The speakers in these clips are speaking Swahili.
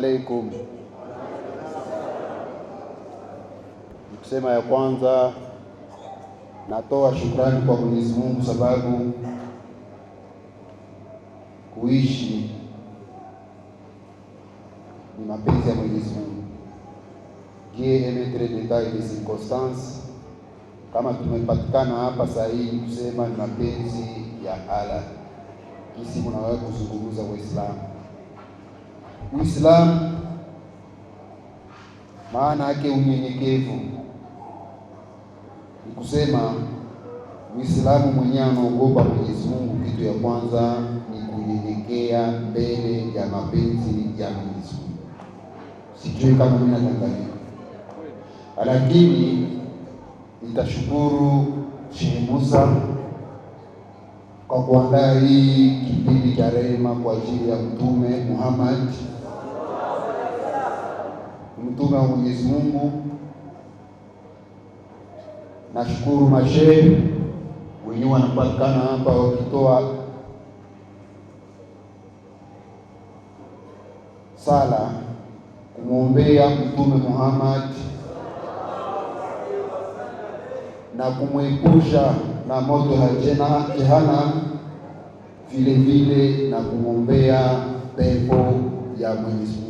alaikum. Nikusema ya kwanza, natoa shukrani kwa Mwenyezi Mungu sababu kuishi ni mapenzi ya Mwenyezi Mungu. Dieu est maître des temps Kama tumepatikana hapa saa hii, nikusema ni mapenzi ya Allah. Kisi munaweza kuzungumza Waislamu Uislamu maana yake unyenyekevu, ni kusema Uislamu mwenyewe anaogopa Mwenyezi Mungu. Kitu ya kwanza ni kunyenyekea mbele ya mapenzi ya Mwenyezi Mungu. Sijui kama mimi nadanganyika, lakini nitashukuru Sheikh Musa kwa kuandaa hii kipindi cha rehema kwa ajili ya Mtume Muhammad mtume wa Mwenyezi Mungu. Nashukuru mashehe wenyewe wanapatikana hapa wakitoa sala kumwombea Mtume Muhammad na kumwepusha na moto wa Jehanamu, vile vile na kumwombea pepo ya Mwenyezi Mungu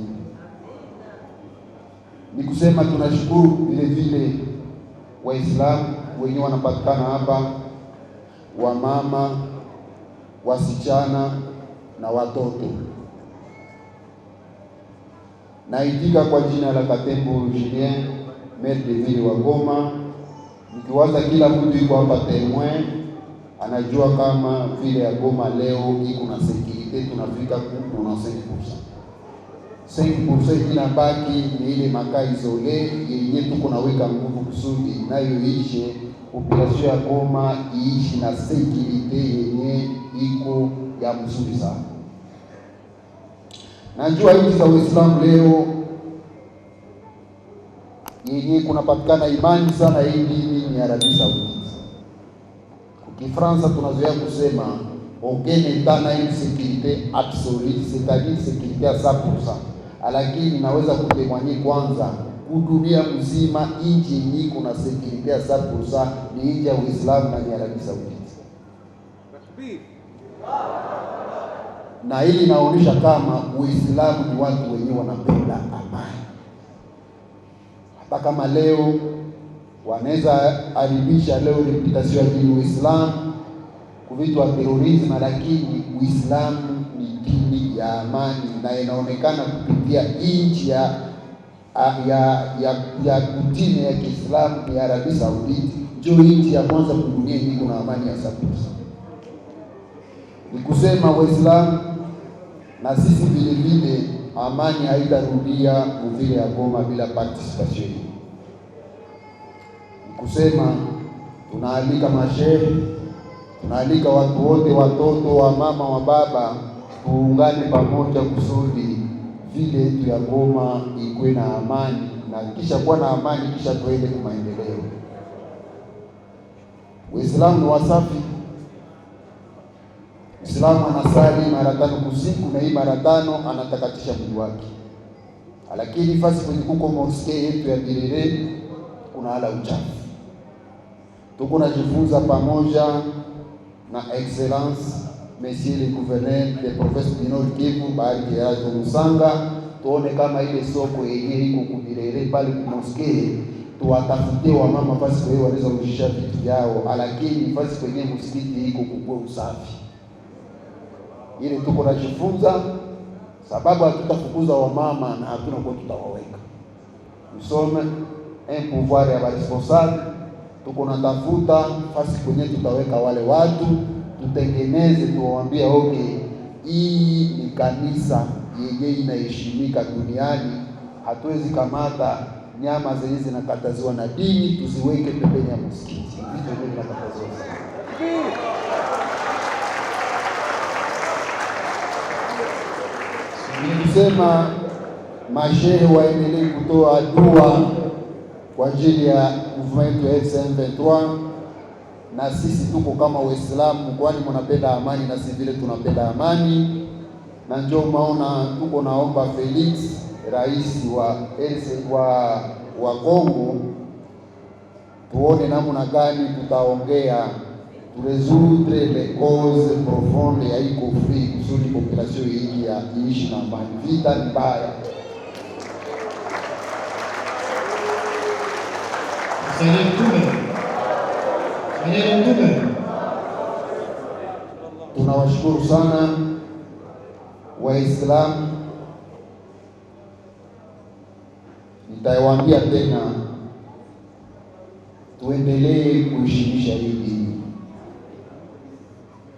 ni kusema tunashukuru vile vile Waislamu wenyewe wanapatikana hapa, wamama, wasichana na watoto. Naitika kwa jina la Katembo Julien maire de ville wa Goma, nikiwaza kila mtu yuko hapa temoin, anajua kama vile ya Goma leo iko na sekirite tunafika ku 100% inabaki ni ile izole yenye tuko naweka nguvu kusudi inayoishe operasio ya Goma iishi na sekurite yenye iko ya mzuri sana. Najua nchi za Uislamu leo yenye kunapatikana imani sana hii dini ni Arabia Saudita. Kifransa tunazoea kusema aucun etat n'a une absolute, absolue, 100% lakini naweza kutemwa nyi kwanza kutumia mzima inji nyi kuna sekiritia sapursa ni inji ya Uislamu na ni Arabi Saudi, na hili inaonyesha kama Uislamu ni watu wenyewe wanapenda amani. Hata kama leo wanaweza aribisha leo dini Uislamu kuvitwa wa lakini Uislamu ya amani na inaonekana kupitia nchi ya ya ya ya kutine ya Kiislamu ya Arabi Saudi ndio nchi ya kwanza kudunia hii kuna amani ya sabusa. Nikusema Waislamu na sisi vile vile, amani haitarudia mvile ya Goma bila participation. Nikusema tunaalika mashehe, tunaalika watu wote, watoto wa mama wa baba tuungane pamoja kusudi vile yetu ya Goma ikuwe na amani, na kisha kuwa na amani, kisha tuende kwa maendeleo. Uislamu ni wasafi. Uislamu anasali mara tano kusiku, na hii mara tano anatakatisha mwili wake, lakini fasi kwenye kuko moske yetu ya Birere kuna hala uchafu. Tuko najifunza pamoja na excellence Monsieur le gouverneur des provinces du Nord Kivu Bahari Erasto Musanga, tuone kama ile soko yenyewe iko kubirere pale kumoskee, tuwatafute wamama basi kwa hiyo wanaweza vitu vyao, lakini basi kwenye msikiti iko kubwa usafi. Ile tuko najifunza sababu hatutafukuza wamama na hatuna kwa tutawaweka msome un pouvoir ya responsable, tuko natafuta fasi kwenye tutaweka wale watu tutengeneze, tuwaambie okay, hii ni kanisa yenye inaheshimika duniani. Hatuwezi kamata nyama zenye zinakataziwa na dini tuziweke pembeni ya msikiti, hizo ndio zinakataziwa nilisema mashehe waendelee kutoa dua kwa ajili ya movement yetu ya M23 na sisi tuko kama Waislamu, kwani mnapenda amani na sisi vile tunapenda amani, na ndio maona tuko naomba Felix, rais wa wa wa Kongo, tuone namna gani tutaongea turesoudre les causes profondes ya hii conflit kusudi population hii ya iishi na amani. Vita ni mbaya tunawashukuru sana Waislamu. Nitawaambia tena, tuendelee kuishimisha hii dini,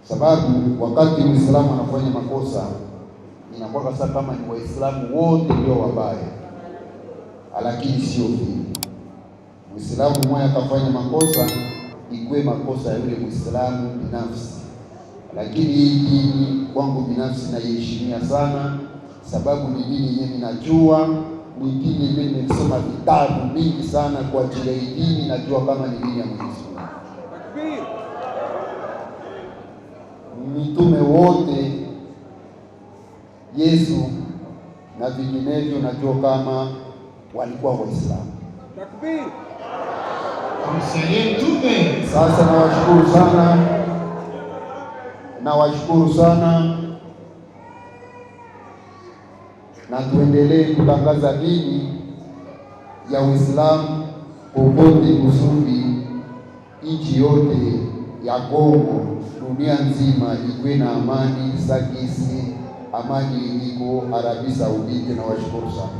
sababu wakati Muislamu anafanya makosa inakuwa sasa kama ni Waislamu wote ndio wabaya, lakini sio vile. Muislamu mmoja akafanya makosa ikuwe makosa ya yule Muislamu binafsi, lakini hii dini kwangu binafsi naiheshimia sana, sababu ni dini yenyewe najua ni dini mimi nimesoma vitabu mingi sana kwa ajili ya hii dini, najua kama ni dini ya Mwenyezi Mungu, mitume wote, Yesu na vinginevyo, najua kama walikuwa Waislamu. Takbir! Sasa nawashukuru sana, nawashukuru sana, na tuendelee kutangaza dini ya Uislamu popote kusudi nchi yote ya Kongo, dunia nzima ikuwe na amani sakisi, amani iliko Arabi Saudite. Nawashukuru sana.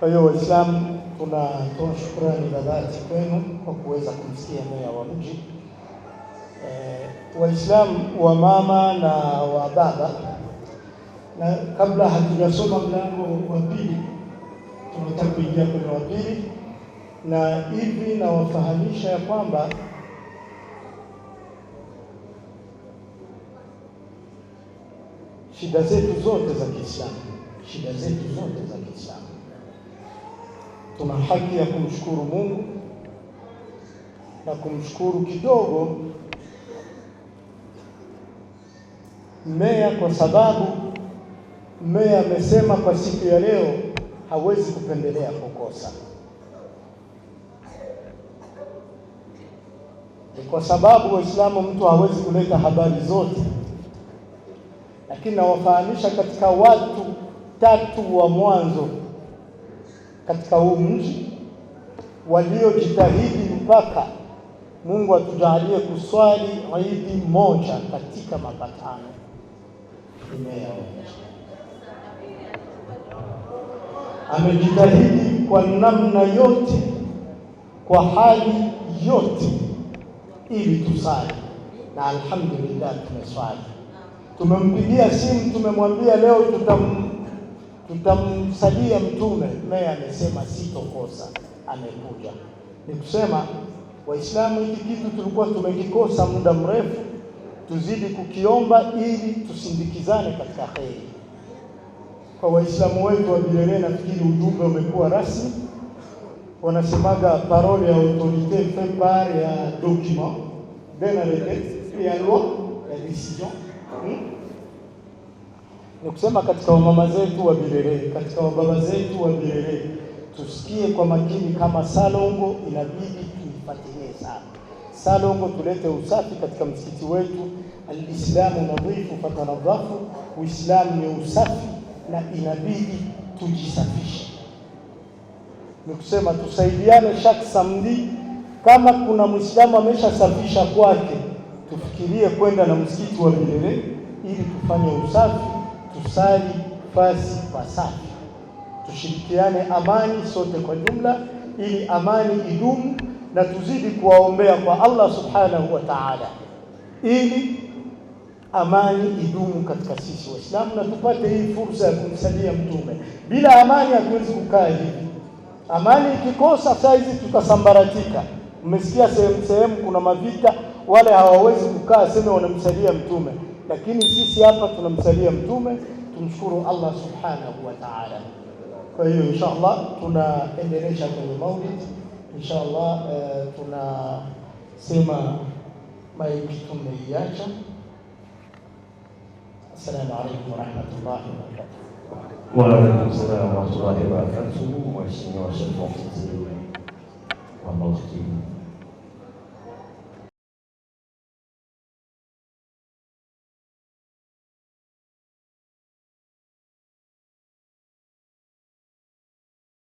Kwa hiyo Waislamu, tunatoa shukrani za dhati kwenu kwa kuweza kumsikia meya wa mji. Eh, Waislamu wa mama na wa baba, na kabla hatujasoma mlango wa pili, tunataka kuingia kwenye wa pili, na hivi nawafahamisha ya kwamba shida zetu zote za Kiislamu, shida zetu zote za Kiislamu tuna haki ya kumshukuru Mungu na kumshukuru kidogo meya, kwa sababu meya amesema kwa siku ya leo hawezi kupendelea kukosa. Ni kwa sababu Waislamu mtu hawezi kuleta habari zote, lakini nawafahamisha katika watu tatu wa mwanzo katika huu mji waliojitahidi mpaka Mungu atujalie kuswali Idi moja katika mapatano tumeyaona. Amejitahidi kwa namna yote, kwa hali yote, ili tusali na alhamdulillah, tumeswali. Tumempigia simu, tumemwambia leo tutam tutamsalia mtume, naye amesema sitokosa. Amekuja ni kusema Waislamu, hiki kitu tulikuwa tumekikosa muda mrefu, tuzidi kukiomba ili tusindikizane katika kheri. Kwa Waislamu wetu wa Bilele, nafikiri ujumbe umekuwa rasmi. Wanasemaga parole ya autorité fait part ya document denarete ya loi ya décision hmm? ni kusema katika wamama zetu wa Birere, katika wababa zetu wa Birere, tusikie kwa makini kama Salongo inabidi tuifatilie sana. Salongo tulete usafi katika msikiti wetu. Alislamu nadhifu fatanadhafu, Uislamu ni usafi na inabidi tujisafishe. Ni kusema tusaidiane shak samdi, kama kuna mwislamu ameshasafisha kwake, tufikirie kwenda na msikiti wa Birere ili tufanye usafi tusali fasi pasafi, tushirikiane amani sote kwa jumla, ili amani idumu na tuzidi kuwaombea kwa Allah subhanahu wa ta'ala, ili amani idumu katika sisi Waislamu na tupate hii fursa ya kumsalia Mtume. Bila amani hatuwezi kukaa hivi. Amani ikikosa, saizi tutasambaratika. Mmesikia sehemu sehemu kuna mavita, wale hawawezi kukaa, sema wanamsalia Mtume, lakini sisi hapa tunamsalia Mtume. kumshukuru Allah subhanahu wa ta'ala. Kwa hiyo insha inshallah tunaendelesha kwenye maulid, Allah uh, tunasema maiki tumeiacha. Assalamu alaikum warahmatullahi wabarakatuh. وعليكم السلام ورحمة الله وبركاته وشيخ وشيخ wa ومفتي